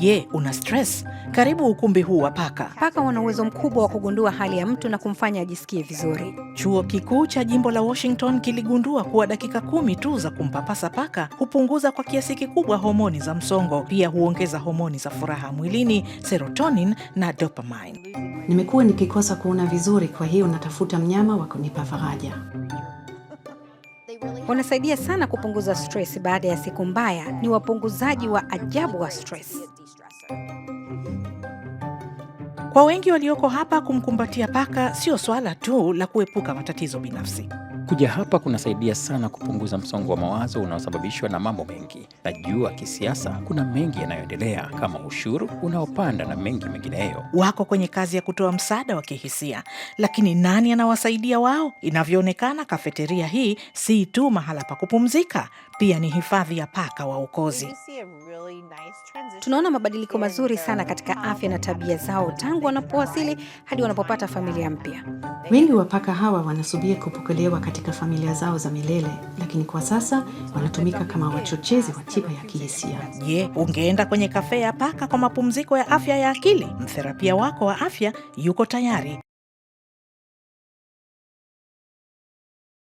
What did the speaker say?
Je, una stress? Karibu ukumbi huu wa paka. Paka wana uwezo mkubwa wa kugundua hali ya mtu na kumfanya ajisikie vizuri. Chuo kikuu cha jimbo la Washington kiligundua kuwa dakika kumi tu za kumpapasa paka hupunguza kwa kiasi kikubwa homoni za msongo. Pia huongeza homoni za furaha mwilini, serotonin na dopamine. Nimekuwa nikikosa kuona vizuri, kwa hiyo natafuta mnyama wa kunipa faraja. Wanasaidia sana kupunguza stress baada ya siku mbaya. Ni wapunguzaji wa ajabu wa stress. Kwa wengi walioko hapa, kumkumbatia paka sio swala tu la kuepuka matatizo binafsi. Kuja hapa kunasaidia sana kupunguza msongo wa mawazo unaosababishwa na mambo mengi. Najua kisiasa kuna mengi yanayoendelea kama ushuru unaopanda na mengi mengineyo. Wako kwenye kazi ya kutoa msaada wa kihisia, lakini nani anawasaidia wao? Inavyoonekana, kafeteria hii si tu mahala pa kupumzika, pia ni hifadhi ya paka waokozi. Tunaona mabadiliko mazuri uh, sana katika afya na tabia zao tangu wanapowasili hadi wanapopata familia mpya. Wengi wa paka hawa wanasubiri kupokelewa katika familia zao za milele, lakini kwa sasa wanatumika kama wachochezi wa tiba ya kihisia. Je, ungeenda kwenye kafe ya paka kwa mapumziko ya afya ya akili? Mtherapia wako wa afya yuko tayari.